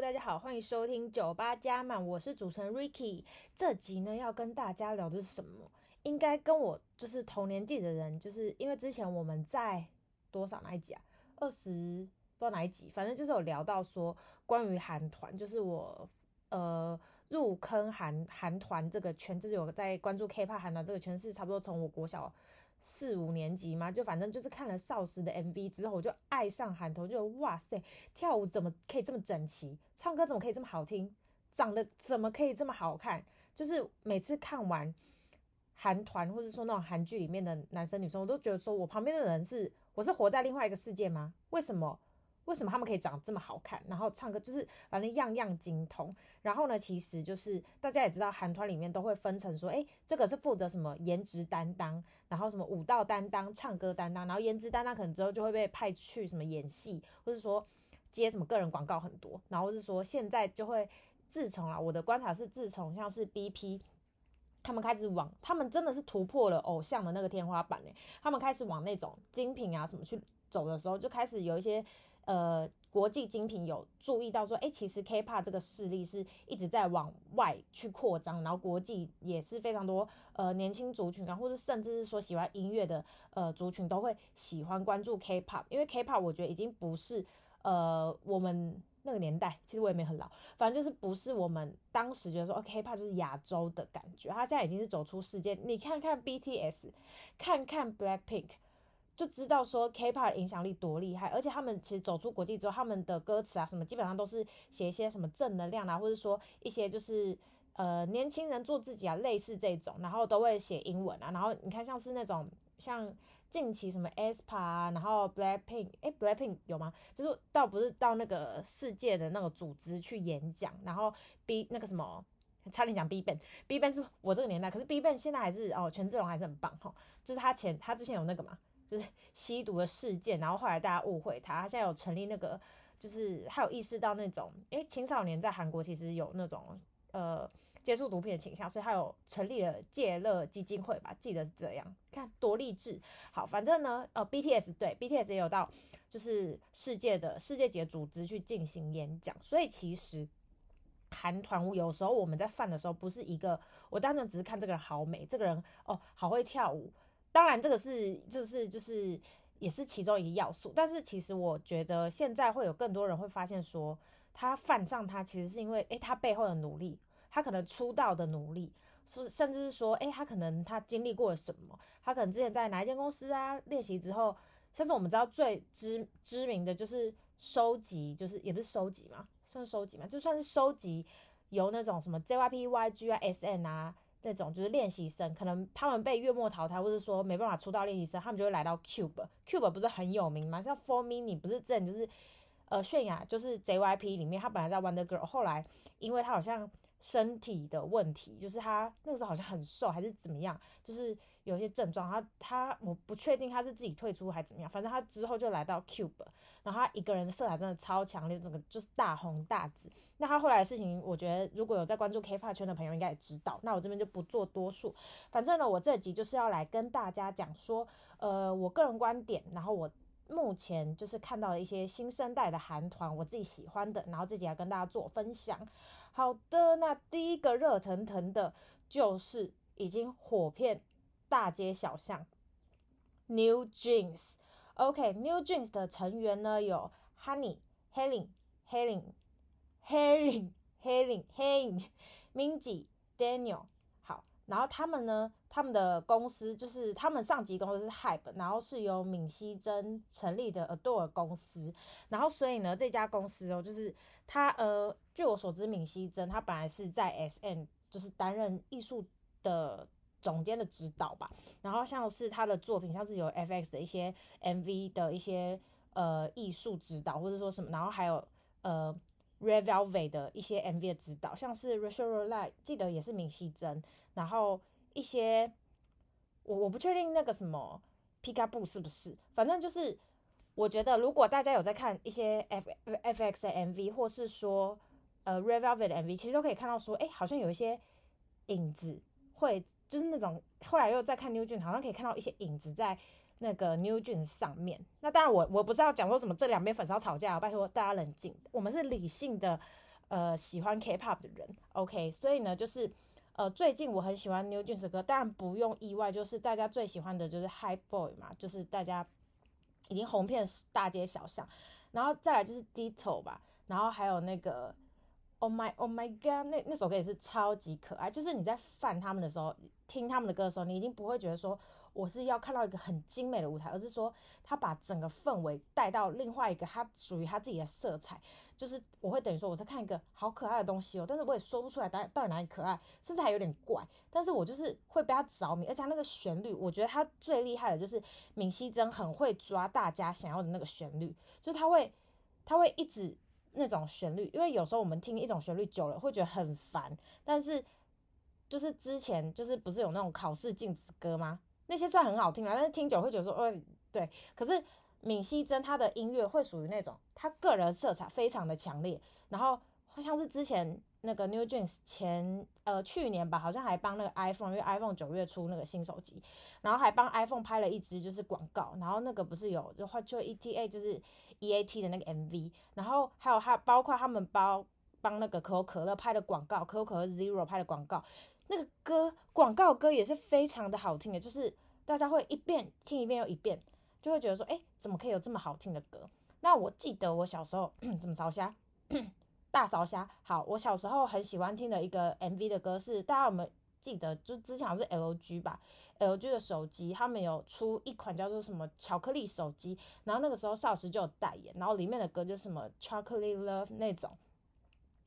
大家好，歡迎收聽九八加滿，我是主持人 Ricky。這集呢要跟大家聊的是什麼？應該跟我就是同年紀的人，就是因為之前我們在多少哪一集啊？二十不知道哪一集，反正就是有聊到說關於韓團，就是我呃入坑韓韓團這個圈，就是有在關注 K-pop 韓團這個圈，是差不多從我國小。四五年級嘛，就反正就是看了少時的 MV 之後，我就愛上韓團就哇塞，跳舞怎麼可以這麼整齊，唱歌怎麼可以這麼好聽，長得怎麼可以這麼好看？就是每次看完韓團，或者說那種韓劇裡面的男生女生，我都覺得說，我旁邊的人是，我是活在另外一個世界嗎？為什麼？為什麼他們可以長這麼好看，然後唱歌就是反正樣樣精通。然後呢，其實就是大家也知道，韓團裡面都會分成說，哎，這個是負責什麼顏值擔當，然後什麼舞蹈擔當、唱歌擔當，然後顏值擔當可能之後就會被派去什麼演戲，或是說接什麼個人廣告很多。然後是說現在就會，自從啊，我的觀察是，自從像是 BP 他們開始往，他們真的是突破了偶像的那個天花板嘞、欸。他們開始往那種精品啊什麼去走的時候，就開始有一些。呃，國際精品有注意到說，誒、欸，其實 K-pop 這個勢力是一直在往外去擴張，然後國際也是非常多呃年輕族群，啊，或者甚至是說喜歡音樂的呃族群都會喜歡關注 K-pop，因為 K-pop 我覺得已經不是呃我們那個年代，其實我也沒很老，反正就是不是我們當時覺得說，哦，K-pop 就是亞洲的感覺，他現在已經是走出世界，你看看 BTS，看看 Blackpink。就知道說 K-pop 影響力多厲害，而且他們其實走出國際之後，他們的歌詞啊什麼，基本上都是寫一些什麼正能量啊，或者說一些就是呃年輕人做自己啊，類似這種，然後都會寫英文啊。然後你看像是那種像近期什麼 aespa 啊，然後 BLACKPINK，哎，欸，BLACKPINK 有嗎？就是倒不是到那個世界的那個組織去演講，然後 B 那個什麼差點講 BIGBANG，BIGBANG 是我這個年代，可是 BIGBANG 現在還是哦，權志龍還是很棒哈，就是他前他之前有那個嘛。就是吸毒的事件，然後後來大家誤會他，他現在有成立那個，就是他有意識到那種，誒、欸，青少年在韓國其實有那種呃接觸毒品的傾向，所以他有成立了戒樂基金會吧，記得是這樣，看多勵志。好，反正呢，呃，BTS 對，BTS 也有到就是世界的世界級的組織去進行演講，所以其實韓團舞有時候我們在飯的時候，不是一個我單純只是看這個人好美，這個人哦好會跳舞。當然，這個是就是就是也是其中一個要素，但是其實我覺得現在會有更多人會發現說，他犯上他其實是因為、欸、他背後的努力，他可能出道的努力，是甚至是說、欸、他可能他經歷過了什麼，他可能之前在哪一間公司啊練習之後，像是我們知道最知知名的就是收集，就是也不是收集嘛，算收集嘛，就算是收集由那種什麼 JYP、YG 啊、SM 啊。那種就是練習生，可能他們被月末淘汰，或者說沒辦法出道練習生，他們就會來到 Cube。Cube 不是很有名嗎？像 Four Mini 不是正就是，呃，泫雅就是 JYP 裡面，她本來在 Wonder Girl，後來因為她好像身體的問題，就是她那個時候好像很瘦還是怎麼樣，就是。有一些症狀，他他我不確定他是自己退出還是怎麼樣，反正他之後就來到 Cube，然後他一個人的色彩真的超強烈，整個就是大紅大紫。那他後來的事情，我覺得如果有在關注 K-pop 圈的朋友應該也知道，那我這邊就不做多說。反正呢，我這集就是要來跟大家講說，呃，我個人觀點，然後我目前就是看到了一些新生代的韓團，我自己喜歡的，然後自己來跟大家做分享。好的，那第一個熱騰騰的就是已經火遍大街小巷，New Jeans。OK，New Jeans 的成員呢有 Honey、Helin、Helin、Helin、Helin、Helin、Minji Daniel。好，然後他們呢，他們的公司就是他們上級公司是 HYBE，然後是由閔熙珍成立的 ADOR 公司。然後所以呢，這家公司哦，就是他呃，據我所知，閔熙珍他本來是在 SM，就是擔任藝術的。總監的指導吧，然後像是他的作品，像是有 FX 的一些 MV 的一些呃藝術指導，或者說什麼，然後還有呃 Red Velvet 的一些 MV 的指導，像是 Russian Roulette，記得也是閔熙珍，然後一些我我不確定那個什麼 Peekaboo 是不是，反正就是我覺得如果大家有在看一些 F, F, FX 的 MV，或是說呃 Red Velvet 的 MV，其實都可以看到說，哎、欸，好像有一些影子會。就是那種，後來又在看 NewJeans，好像可以看到一些影子在那個 NewJeans 上面。那當然我，我我不知道講說什麼，這兩邊粉絲吵架，拜託大家冷靜。我們是理性的，呃，喜歡 K-pop 的人，OK。所以呢，就是呃，最近我很喜歡 NewJeans 的歌，當然不用意外，就是大家最喜歡的就是《High Boy》嘛，就是大家已經紅遍大街小巷。然後再來就是《Ditto》吧，然後還有那個。Oh my, oh my god！那那首歌也是超級可愛。就是你在翻他們的時候，聽他們的歌的時候，你已經不會覺得說我是要看到一個很精美的舞台，而是說他把整個氛圍帶到另外一個他屬於他自己的色彩。就是我會等於說我在看一個好可愛的東西哦、喔，但是我也說不出來到底到底哪裡可愛，甚至還有點怪。但是我就是會被他着迷，而且他那個旋律，我覺得他最厲害的就是閔熙珍很會抓大家想要的那個旋律，就是他會他會一直。那種旋律，因為有時候我們聽一種旋律久了，會覺得很煩。但是，就是之前就是不是有那種考試禁止歌嗎？那些算很好聽了，但是聽久了會覺得說，哦、欸，對。可是閔熙珍他的音樂會屬於那種，他個人色彩非常的強烈，然後像是之前。那個 New Jeans 前，呃去年吧，好像還幫那個 iPhone，因為 iPhone 九月初那個新手機，然後還幫 iPhone 拍了一支就是廣告，然後那個不是有就話就 E T A 就是 E A T 的那個 MV，然後還有他包括他們包幫那個可口可樂拍的廣告，可口可樂 Zero 拍的廣告，那個歌廣告歌也是非常的好聽的，就是大家會一遍聽一遍又一遍，就會覺得說，哎，怎麼可以有這麼好聽的歌？那我記得我小時候怎麼着一下？大勺蝦，好，我小時候很喜歡聽的一個 MV 的歌是，大家有沒有記得？就之前好像是 LG 吧，LG 的手機他們有出一款叫做什麼巧克力手機，然後那個時候少時就有代言，然後裡面的歌就是什麼 Chocolate Love 那種，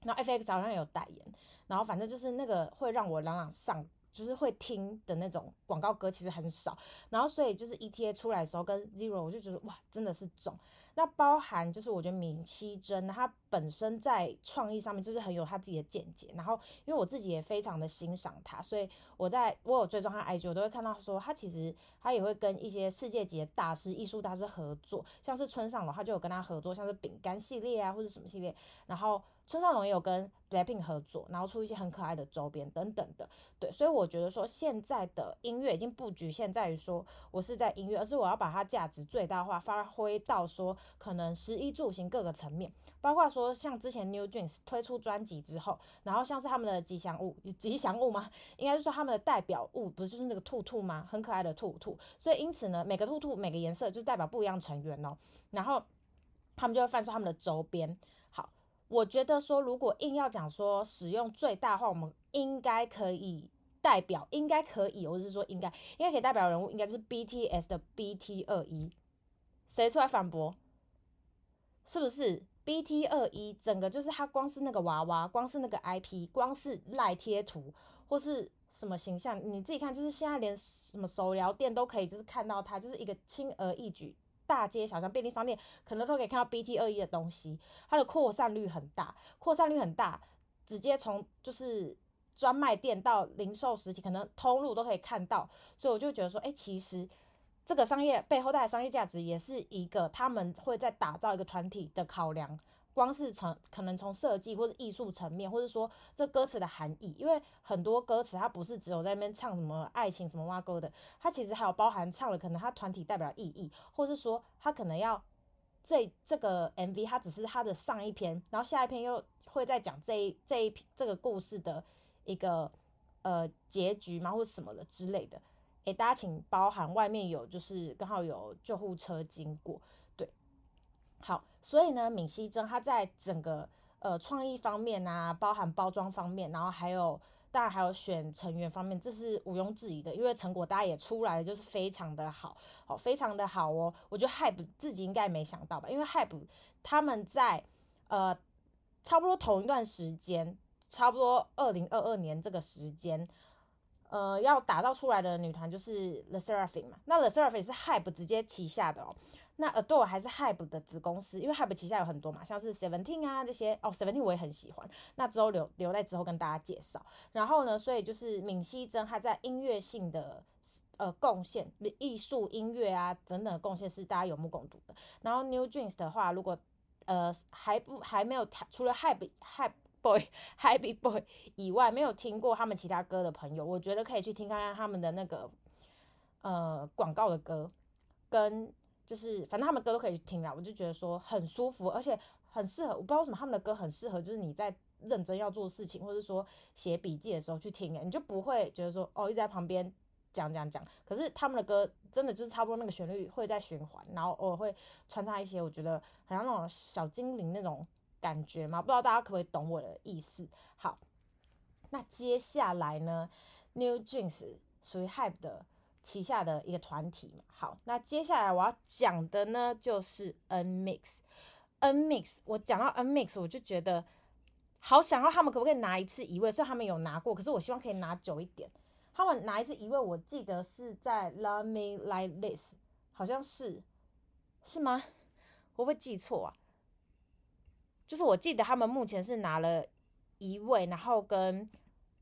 然後 FX 好像有代言，然後反正就是那個會讓我朗朗上。就是會聽的那種廣告歌，其實很少。然後，所以就是 E T A 出來的時候跟 Zero，我就覺得哇，真的是種。那包含就是我覺得閔熙珍，他本身在創意上面就是很有他自己的見解。然後，因為我自己也非常的欣賞他，所以我在我有追蹤他 I G，我都會看到說他其實他也會跟一些世界級的大師、藝術大師合作，像是村上隆，他就有跟他合作，像是餅乾系列啊，或者什麼系列。然後。村上隆也有跟 Blackpink 合作，然後出一些很可愛的周邊等等的，對，所以我覺得說現在的音樂已經不局限在於說我是在音樂，而是我要把它價值最大化，發揮到說可能衣食住行各個層面，包括說像之前 New Jeans 推出專輯之後，然後像是他們的吉祥物，吉祥物嗎？應該就是說他們的代表物，不是就是那個兔兔嗎？很可愛的兔兔，所以因此呢，每個兔兔每個顏色就代表不一樣成員哦、喔，然後他們就會販售他們的周邊。我覺得說，如果硬要講說使用最大化，我們應該可以代表，應該可以，或者是說應該應該可以代表人物，應該就是 B T S 的 B T 二一，誰出來反駁？是不是 B T 二一整個就是他光是那個娃娃，光是那個 I P，光是賴貼圖或是什麼形象？你自己看，就是現在連什麼手療店都可以，就是看到他就是一個輕而易舉。大街小巷、便利商店可能都可以看到 BT 二一的東西，它的擴散率很大，擴散率很大，直接從就是專賣店到零售實體，可能通路都可以看到，所以我就覺得說，哎、欸，其實這個商業背後帶來的商業價值，也是一個他們會再打造一個團體的考量。光是從可能從設計或者藝術層面，或者說這歌詞的含義，因為很多歌詞它不是只有在那邊唱什麼愛情什麼挖溝的，它其實還有包含唱了可能它團體代表的意義，或者說它可能要這這個 MV，它只是它的上一篇，然後下一篇又會再講這這一，這一篇這個故事的一個呃結局嗎？或什麼的之類的。誒、欸，大家請包含外面有就是剛好有救護車經過。好，所以呢，閔熙珍她在整個呃創意方面啊，包含包裝方面，然後還有當然還有選成員方面，這是毋庸置疑的，因為成果大家也出來，就是非常的好，好非常的好哦。我覺得 HYBE 自己應該沒想到吧，因為 HYBE 他們在呃差不多同一段時間，差不多二零二二年這個時間，呃要打造出來的女團就是 Le sserafim 嘛，那 Le sserafim 是 HYBE 直接旗下的哦。那 Adore 還是 HYBE 的子公司，因為 HYBE 旗下有很多嘛，像是 Seventeen 啊這些哦，Seventeen 我也很喜歡。那之後留留在之後跟大家介紹。然後呢，所以就是閔熙珍他在音樂性的呃貢獻，藝術音樂啊等等的貢獻是大家有目共睹的。然後 NewJeans 的話，如果呃還不還沒有除了 Hype Hype Boy Hype Boy 以外，沒有聽過他們其他歌的朋友，我覺得可以去聽看看他們的那個呃廣告的歌跟。就是，反正他們歌都可以去聽了，我就覺得說很舒服，而且很適合。我不知道為什麼他們的歌很適合，就是你在認真要做事情，或者說寫筆記的時候去聽，哎，你就不會覺得說哦一直在旁邊講講講。可是他們的歌真的就是差不多那個旋律會在循環，然後偶爾會穿插一些，我覺得很像那種小精靈那種感覺嘛，不知道大家可不可以懂我的意思？好，那接下來呢，New Jeans 屬於 HYBE 的。旗下的一個團體嘛，好，那接下來我要講的呢，就是 NMIXX。NMIXX，我講到 NMIXX，我就覺得好想要他們可不可以拿一次一位，雖然他們有拿過，可是我希望可以拿久一點。他們拿一次一位，我記得是在《Love Me Like This》，好像是，是嗎？我會不會記錯啊？就是我記得他們目前是拿了一位，然後跟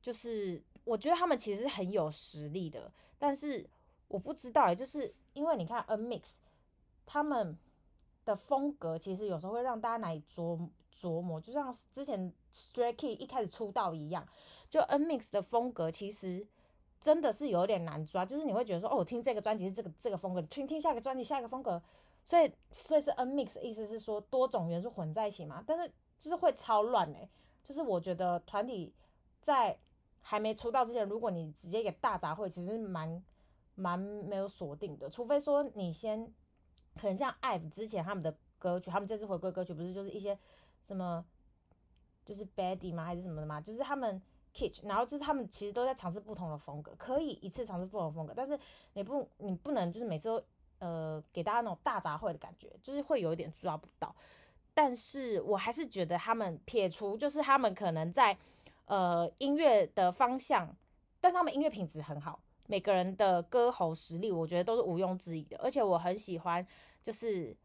就是。我覺得他們其實很有實力的，但是我不知道、欸，就是因為你看 NMIXX，他們的風格其實有時候會讓大家來琢琢磨，就像之前 Stray Kids 一開始出道一樣，就 NMIXX 的風格其實真的是有點難抓，就是你會覺得說，哦，我聽這個專輯是這個這個風格，聽聽下個專輯下一個風格，所以所以是 NMIXX，意思是說多種元素混在一起嘛，但是就是會超亂嘞、欸，就是我覺得團體在。還沒出道之前，如果你直接給大雜燴，其實蠻蠻沒有鎖定的。除非說你先，很像 IVE 之前他們的歌曲，他們這次回歸歌，歌曲不是就是一些什麼就是 Baddie 嗎？還是什麼的嗎？就是他們 Kitsch 然後就是他們其實都在嘗試不同的風格，可以一次嘗試不同的風格，但是你不你不能就是每次都呃給大家那種大雜燴的感覺，就是會有一點抓不到。但是我還是覺得他們撇除，就是他們可能在。呃，音樂的方向，但他們音樂品質很好，每個人的歌喉實力，我覺得都是毋庸置疑的。而且我很喜歡，就是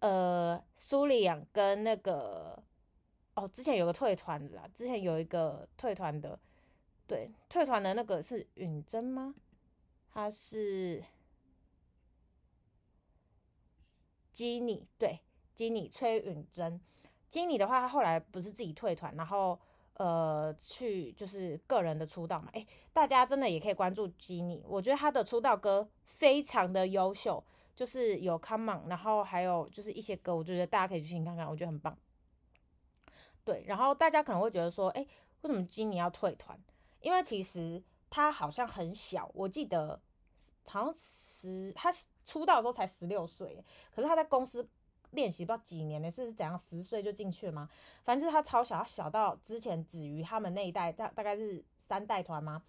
呃，蘇里昂跟那個哦，之前有個退團的啦，之前有一個退團的，對，退團的那個是允珍嗎？他是基尼，對，基尼，崔允珍。基尼的話，他後來不是自己退團，然後。呃，去就是個人的出道嘛，哎、欸，大家真的也可以關注基尼，我覺得他的出道歌非常的優秀，就是有 Come On，然後還有就是一些歌，我就覺得大家可以去聽看看，我覺得很棒。對，然後大家可能會覺得說，哎、欸，為什麼基尼要退團？因為其實他好像很小，我記得好像十他出道的時候才十六歲，可是他在公司。練習不知道幾年呢，欸，所以是怎樣？十歲就進去了嗎？反正就是他超小，他小到之前子瑜他們那一代大大概是三代團嗎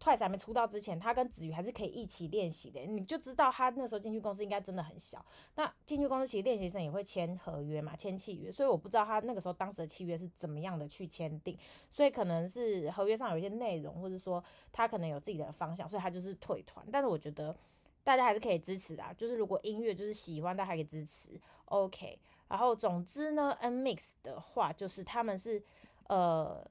？Twice 還沒出道之前，他跟子瑜還是可以一起練習的，欸。你就知道他那時候進去公司應該真的很小。那進去公司其實練習生也會簽合約嘛，簽契約，所以我不知道他那個時候當時的契約是怎麼樣的去簽訂。所以可能是合約上有一些內容，或者說他可能有自己的方向，所以他就是退團。但是我覺得大家還是可以支持的啊，就是如果音樂就是喜歡，大家可以支持。OK，然後總之呢，NMIXX 的話就是他們是呃，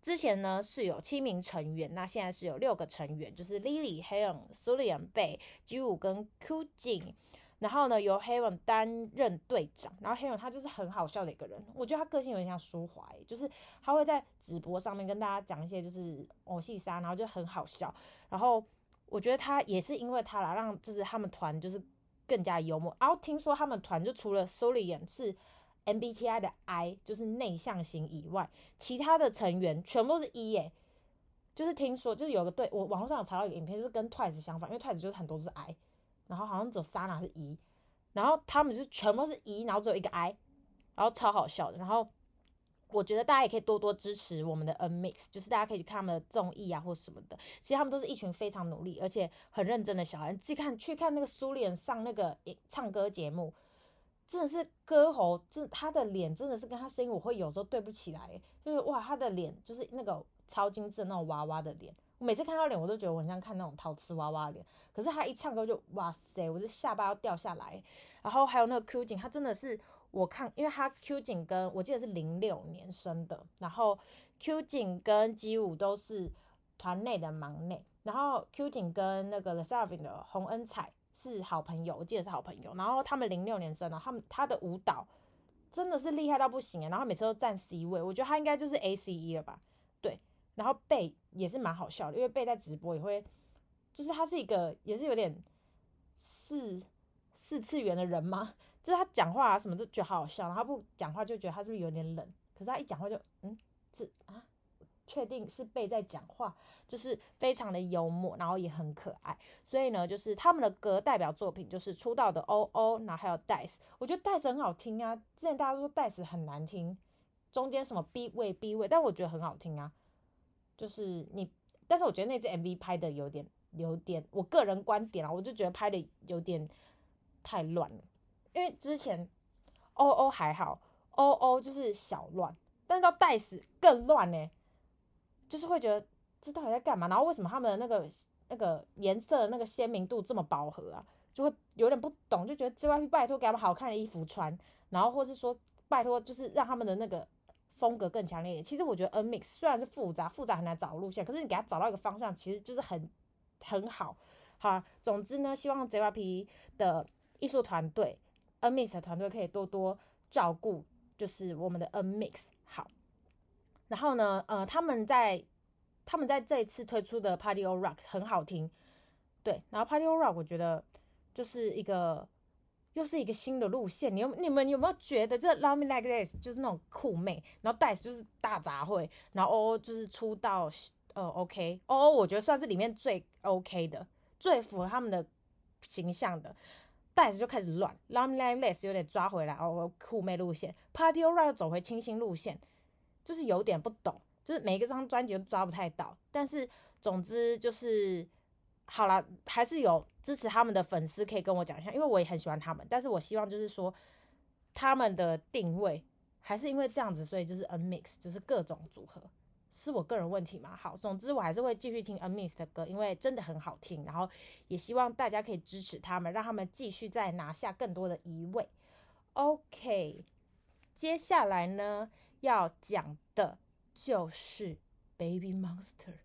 之前呢是有七名成員，那現在是有六個成員，就是 Lily、Haewon、Sullyoon、Bae、Jiwoo 跟 Kyujin，然後呢由 Haewon 擔任隊長，然後 Haewon 他就是很好笑的一個人，我覺得他個性有點像舒華、欸，就是他會在直播上面跟大家講一些就是我細沙，然後就很好笑，然後我覺得他也是因為他啦，讓就是他們團就是。更加幽默，然後聽說他們團就除了 Sullyoon 是 MBTI 的 I，就是內向型以外，其他的成員全部都是 E，哎、欸，就是聽說就是有個對我網絡上有查到一個影片，就是跟 TWICE 相反，因為 TWICE 就是很多是 I，然後好像只有 SANA 是 E，然後他們就全部都是 E，然後只有一個 I，然後超好笑的，然後。我覺得大家也可以多多支持我們的 NMIXX，就是大家可以去看他們的綜藝啊，或者什麼的。其實他們都是一群非常努力而且很認真的小孩。去看去看那個蘇聯上那個唱歌節目，真的是歌喉，真的他的臉真的是跟他聲音，我會有時候對不起來、欸，就是哇，他的臉就是那個超精致的那種娃娃的臉。每次看到臉，我都覺得我很像看那種陶瓷娃娃臉。可是他一唱歌就哇塞，我的下巴要掉下來、欸。然後還有那個 Kyujin 他真的是。我看，因為他 Q 景跟我記得是零六年生的，然後 Q 景跟 G 五都是團內的忙內，然後 Q 景跟那個 Le sserafim 的洪恩彩是好朋友，我記得是好朋友，然後他們零六年生的，他們他的舞蹈真的是厲害到不行啊，然後每次都站 C 位，我覺得他應該就是 A C E 了吧，對，然後貝也是蠻好笑的，因為貝在直播也會，就是他是一個也是有點四四次元的人嗎？就是他講話啊，什麼都覺得好好笑。然後他不講話就覺得他是不是有點冷？可是他一講話就嗯，這啊，確定是 Bae 在講話，就是非常的幽默，然後也很可愛。所以呢，就是他們的歌代表作品就是出道的《O O》，然後還有《Dice》，我覺得《Dice》很好聽啊。之前大家都說《Dice》很難聽，中間什麼 B 位 B 位，但我覺得很好聽啊。就是你，但是我覺得那支 MV 拍得有點有點，我個人觀點啊，我就覺得拍得有點太亂了。因為之前 O.O 還好，O.O 就是小亂，但是到 DICE 更亂呢、欸，就是會覺得這到底在幹嘛？然後為什麼他們的那個那個顏色的那個鮮明度這麼飽和啊？就會有點不懂，就覺得 JYP 拜托給他們好看的衣服穿，然後或是說拜托就是讓他們的那個風格更強烈一點。其實我覺得 NMIXX 雖然是複雜複雜很難找路線，可是你給他找到一個方向，其實就是很很好，好、啊。總之呢，希望 JYP 的藝術團隊。NMIXX 的團隊可以多多照顧，就是我們的 NMIXX 好。然後呢，呃，他們在他們在這一次推出的 Party O'Clock 很好聽，對。然後 Party O'Clock 我覺得就是一個又是一個新的路線。你有你們有沒有沒有覺得這 Love Me Like This 就是那種酷妹，然後 Dice 就是大雜燴，然後 O.O 就是出道，呃，OK，O.O 我覺得算是裡面最 OK 的，最符合他們的形象的。袋子就開始亂 Love Me Like This 有點抓回來哦，酷妹路線，Party O'Clock 走回清新路線，就是有點不懂，就是每個張專輯都抓不太到，但是總之就是好了，還是有支持他們的粉絲可以跟我講一下，因為我也很喜歡他們，但是我希望就是說他們的定位還是因為這樣子，所以就是 NMIXX，就是各種組合。是我個人問題嘛，好，總之我還是會繼續聽 NMIXX 的歌，因為真的很好聽。然後也希望大家可以支持他們，讓他們繼續再拿下更多的一位。OK，接下來呢要講的就是 Baby Monster。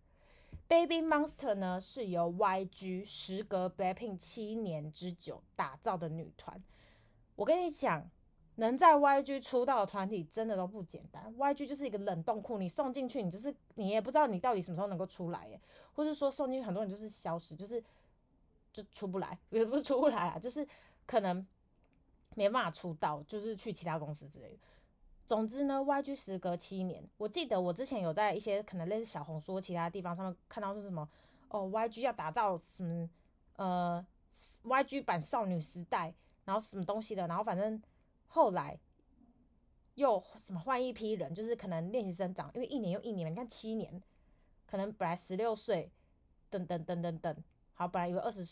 Baby Monster 呢是由 YG 時隔 Blackpink 七年之久打造的女團。我跟你講。能在 YG 出道的團體真的都不簡單。YG 就是一個冷凍庫，你送進去，你就是你也不知道你到底什麼時候能夠出來，耶，或是說送進去很多人就是消失，就是就出不來，也不是出不來啊，就是可能沒辦法出道，就是去其他公司之類的。總之呢，YG 時隔七年，我記得我之前有在一些可能類似小紅書其他地方上面看到是什麼哦，YG 要打造什麼呃 YG 版少女時代，然後什麼東西的，然後反正。後來又什麼換一批人，就是可能練習生長，因為一年又一年，你看七年，可能本來十六歲，等等等等等，好，本來以為二十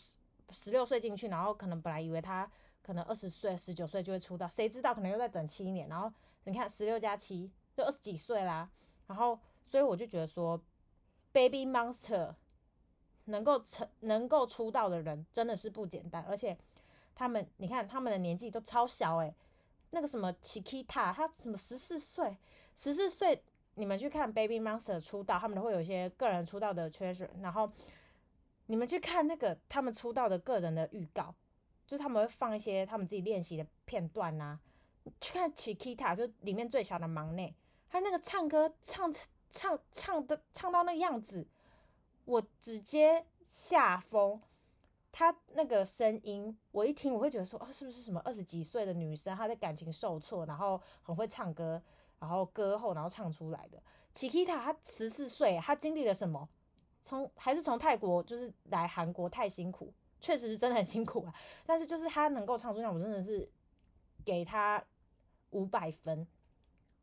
十六歲進去，然後可能本來以為他可能二十歲十九歲就會出道，誰知道可能又在等七年，然後你看十六加七就二十幾歲啦，然後所以我就覺得說，Baby Monster 能夠成能夠出道的人真的是不簡單，而且他們你看他們的年紀都超小哎、欸。那個什麼 Chiquita，他什麼十四歲，十四歲，你們去看 Baby Monster 出道，他們都會有一些個人出道的 treasure，然後你們去看那個他們出道的個人的預告，就是他們會放一些他們自己練習的片段啊，去看 Chiquita，就裡面最小的忙內，他那個唱歌唱唱唱，唱的唱到那個樣子，我直接下風。她那個聲音，我一聽我會覺得說，啊、哦，是不是什麼二十幾歲的女生，她的感情受挫，然後很會唱歌，然後歌後，然後唱出來的。Chiquita 她十四歲，她經歷了什麼？從還是從泰國就是來韓國太辛苦，確實是真的很辛苦啊。但是就是她能夠唱出來，我真的是給她五百分。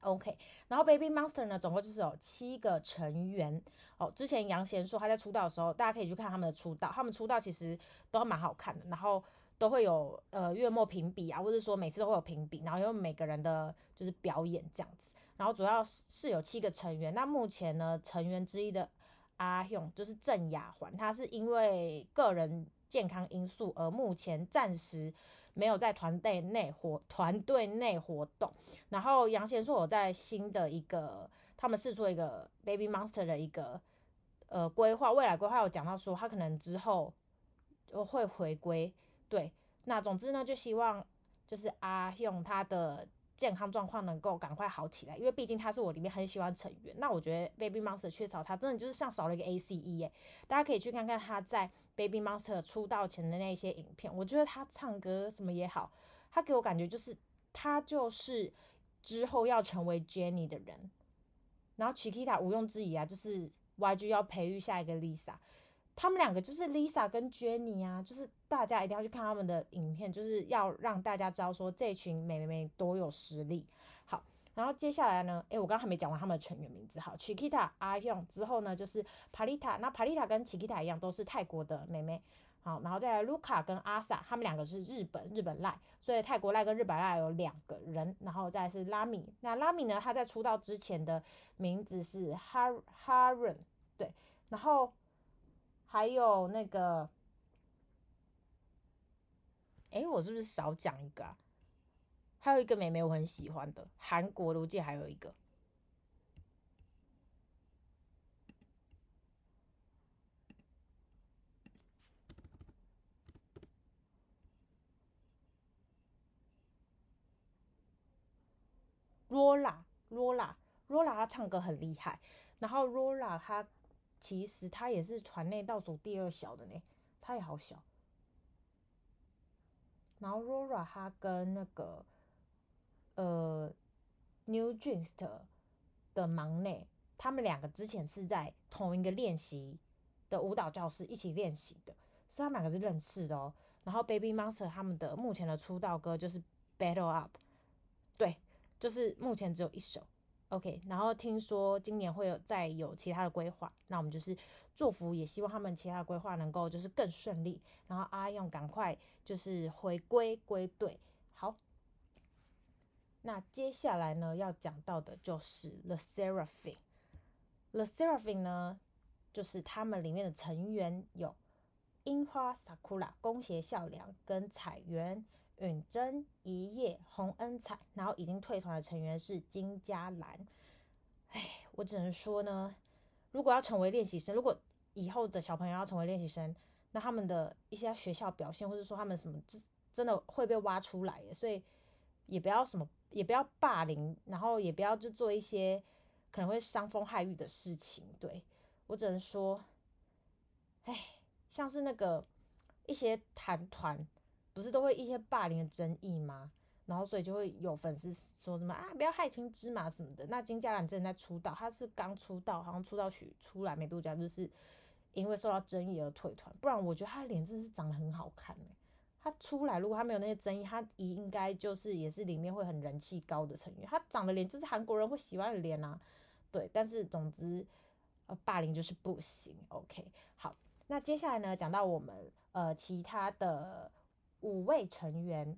OK，然後 Baby Monster 呢，總共就是有七個成員。哦，之前楊賢說他在出道的時候，大家可以去看他們的出道，他們出道其實都還蠻好看的，然後都會有呃月末評比啊，或者說每次都會有評比，然後有每個人的就是表演這樣子。然後主要是是有七個成員，那目前呢成員之一的阿勇就是鄭雅環，他是因為個人。健康因素，而目前暫時沒有在團隊內活團隊內活動。然後楊賢碩有在新的一個他們試做一個 Baby Monster 的一個呃規劃，未來規劃有講到說他可能之後會回歸。對，那總之呢，就希望就是阿用他的。健康狀況能夠趕快好起來，因為畢竟他是我裡面很喜歡成員。那我覺得 Baby Monster 缺少他，真的就是像少了一個 ACE 欸。大家可以去看看他在 Baby Monster 出道前的那些影片，我覺得他唱歌什麼也好，他給我感覺就是他就是之後要成為 Jennie 的人。然後 Chiquita 無庸置疑啊，就是 YG 要培育下一個 Lisa。他們兩個就是 Lisa 跟 Jennie 啊，就是大家一定要去看他們的影片，就是要讓大家知道說這群美眉多有實力。好，然後接下來呢，哎，我剛剛還沒講完他們的成員名字。好，Chiquita Ahyeon 之後呢，就是 Parita，那 Parita 跟 Chiquita 一樣，都是泰國的美眉。好，然後再來 Luca 跟阿 Sa，他們兩個是日本日本賴，所以泰國賴跟日本賴有兩個人。然後再來是拉米那拉米呢，他在出道之前的名字是 Haram 對，然後。還有那個，哎，我是不是少講一個啊？還有一個妹妹，我很喜歡的，韓國的，我記得還有一個。Rola，Rola，Rola，她唱歌很厲害。然後 Rola，她。其實他也是團內倒數第二小的呢，他也好小。然後 Rora 他跟那個呃 New Jeans 的的忙內，他們兩個之前是在同一個練習的舞蹈教室一起練習的，所以他們兩個是認識的哦。然後 Baby Monster 他們的目前的出道歌就是 Battle Up，對，就是目前只有一首。OK，然後聽說今年會有再有其他的規劃，那我們就是祝福，也希望他們其他的規劃能夠就是更順利。然後阿用趕快就是回歸歸隊，好。那接下來呢要講到的就是 Le sserafim，Le sserafim 呢就是他們裡面的成員有櫻花 Sakura、宮脇咲良跟彩源、允真、一夜、洪恩彩，然後已經退團的成員是金嘉蘭。哎，我只能說呢，如果要成為練習生，如果以後的小朋友要成為練習生，那他們的一些學校表現，或者說他們什麼，就真的會被挖出來，所以也不要什麼，也不要霸凌，然後也不要就做一些可能會傷風害欲的事情。對，我只能說，哎，像是那個一些壇團。不是都會一些霸凌的爭議嗎？然後所以就會有粉絲說什麼啊，不要害群之馬什麼的。那金佳蘭真的在出道，她是剛出道，好像出道曲出來沒多久，就是因為受到爭議而退團。不然我覺得她臉真的是長得很好看他、欸、她出來如果她沒有那些爭議，她應該就是也是裡面會很人氣高的成員。她長得臉就是韓國人會喜歡的臉吶、啊。對，但是總之、呃，霸凌就是不行。OK，好，那接下來呢，講到我們呃其他的。五位成員，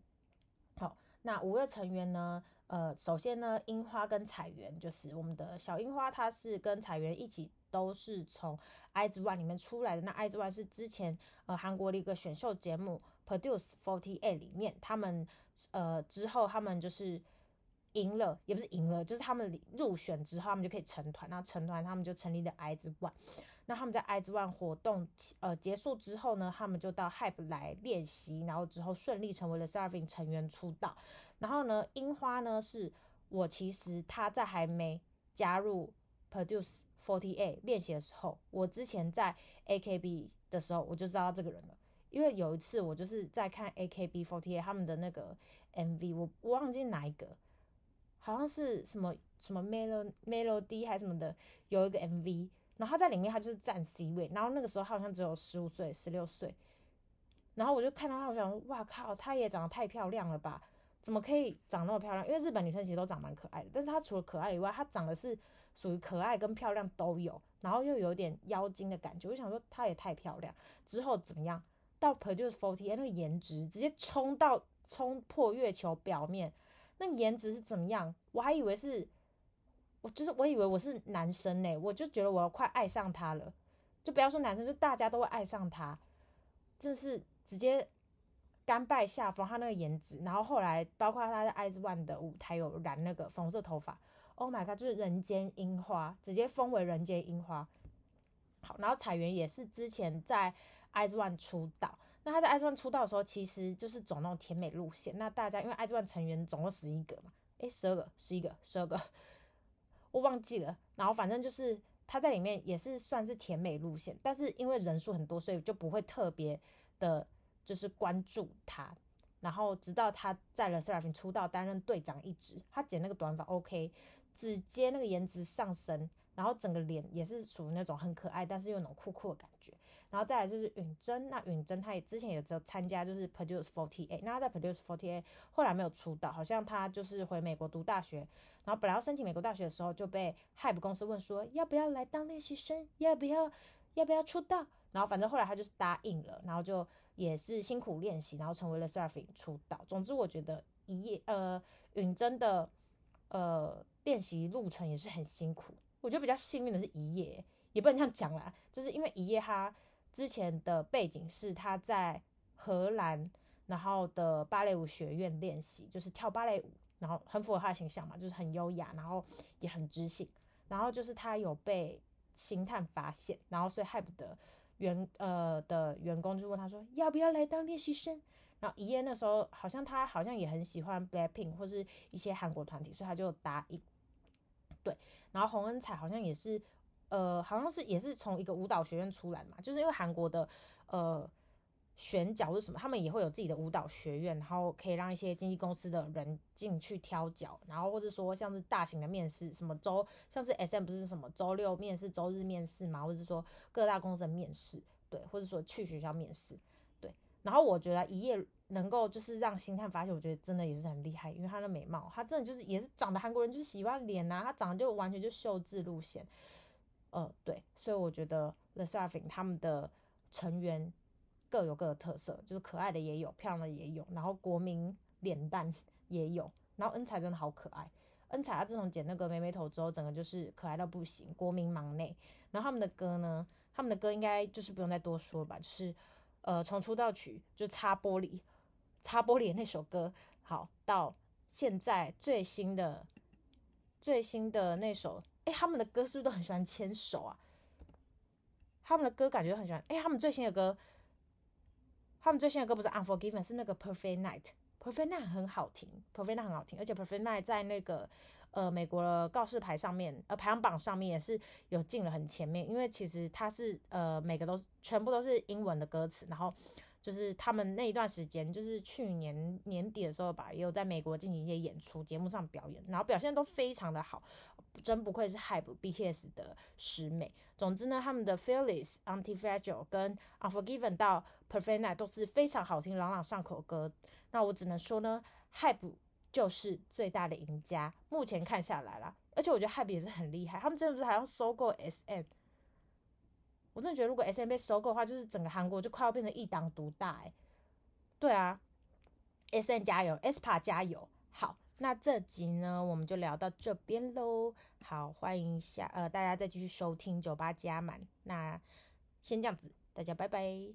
好，那五位成員呢？呃，首先呢，櫻花跟彩原就是我們的小櫻花，她是跟彩原一起都是從 IZONE 裡面出來的。那 IZONE 是之前呃韓國的一個選秀節目 Produce 48裡面，他們呃之後他們就是贏了，也不是贏了，就是他們入選之後，他們就可以成團。那成團，他們就成立了 IZONE。那他們在 IZONE 活動呃結束之後呢，他們就到 HYBE 來練習，然後之後順利成為了 LE SSERAFIM 成員出道。然後呢，櫻花呢是我其實他在還沒加入 Produce 48練習的時候，我之前在 AKB 的時候我就知道這個人了，因為有一次我就是在看 AKB48 他們的那個 MV，我我忘記哪一個，好像是什麼什麼 Melody 還是什麼的，有一個 MV。然後他在裡面，她就是佔 C 位。然後那個時候，她好像只有十五歲、十六歲。然後我就看到她，我想說，哇靠，她也長得太漂亮了吧？怎麼可以長那麼漂亮？因為日本女生其實都長蠻可愛的，但是她除了可愛以外，她長得是屬於可愛跟漂亮都有，然後又有點妖精的感覺。我想說，她也太漂亮。之後怎麼樣？到 Produce forty eight，哎，那個顏值直接衝到衝破月球表面，那顏值是怎麼樣？我還以為是。我就是我以為我是男生呢、欸，我就覺得我快愛上他了，就不要說男生，就大家都會愛上他，就是直接甘拜下風。他那個顏值，然後後來包括他在 IZ ONE 的舞台有染那個粉紅色頭髮，Oh my god，就是人間櫻花，直接封為人間櫻花。好，然後彩源也是之前在 IZ ONE 出道，那他在 IZ ONE 出道的時候，其實就是走那種甜美路線。那大家因為 IZ ONE 成員總共十一個嘛，誒十二個，十一個，十二個。我忘記了，然後反正就是他在裡面也是算是甜美路線，但是因為人數很多，所以就不會特別的，就是關注他。然後直到他在 Le Sserafim 出道，擔任隊長一職，他剪那個短髮，OK，直接那個顏值上升，然後整個臉也是屬於那種很可愛，但是又那種酷酷的感覺。然後再來就是允珍，那允珍她也之前也有參加，就是 Produce 48，那她在 Produce 48後來沒有出道，好像她就是回美國讀大學，然後本來要申請美國大學的時候就被 Hype 公司問說要不要來當練習生，要不要，要不要出道，然後反正後來她就是答應了，然後就也是辛苦練習，然後成為了 Le Sserafim 出道。總之我覺得一夜呃允珍的呃練習路程也是很辛苦，我覺得比較幸運的是一夜也不能這樣講啦，就是因為一夜她。之前的背景是他在荷蘭，然後的芭蕾舞學院練習，就是跳芭蕾舞，然後很符合他的形象嘛，就是很優雅，然後也很知性。然後就是他有被星探發現，然後所以害不得員呃的員工就問他說要不要來當練習生。然後遺言那時候好像他好像也很喜歡 Black Pink 或是一些韓國團體，所以他就答應，對。然後洪恩彩好像也是。呃，好像是也是從一個舞蹈學院出來的嘛，就是因為韓國的呃選角是什麼，他們也會有自己的舞蹈學院，然後可以讓一些經紀公司的人進去挑角，然後或者說像是大型的面試，什麼周像是 SM 不是什麼周六面試、周日面試嘛，或者說各大公司的面試，對，或者說去學校面試，對。然後我覺得一夜能夠就是讓星探發現，我覺得真的也是很厲害，因為她的美貌，她真的就是也是長得韓國人就是喜歡臉吶、啊，她長得就完全就秀智路線。呃，對，所以我覺得 Le sserafim 他們的成員各有各的特色，就是可愛的也有，漂亮的也有，然後國民臉蛋也有，然後恩彩真的好可愛，恩彩她自從剪那個妹妹頭之後，整個就是可愛到不行，國民忙內。然後他們的歌呢，他們的歌應該就是不用再多說了吧，就是呃從出道曲就擦玻璃，擦玻璃那首歌好到現在最新的最新的那首。哎、欸，他們的歌是不是都很喜歡牽手啊？他們的歌感覺都很喜歡。哎、欸，他們最新的歌，他們最新的歌不是《Unforgiven》，是那個《Perfect Night》。《Perfect Night》很好聽，《Perfect Night》很好聽，而且《Perfect Night》在那個呃美國的告示牌上面，呃排行榜上面也是有進了很前面。因為其實它是呃每個都全部都是英文的歌詞，然後。就是他們那一段時間，就是去年年底的時候吧，也有在美國進行一些演出，節目上表演，然後表現都非常的好，真不愧是 HYBE BTS 的師妹。總之呢，他們的 Fearless Anti、Anti-Fragile、跟 Unforgiven 到 Perfect Night 都是非常好聽、朗朗上口的歌。那我只能說呢，HYBE 就是最大的贏家。目前看下來啦，而且我覺得 HYBE 也是很厲害，他們真的是好像收購 SM。我真的覺得，如果 S M 被收購的話，就是整個韓國就快要變成一黨獨大，欸。哎，對啊，S M 加油，aespa 加油。好，那這集呢，我們就聊到這邊嘍。好，歡迎下呃大家再繼續收聽九八加滿。那先這樣子，大家拜拜。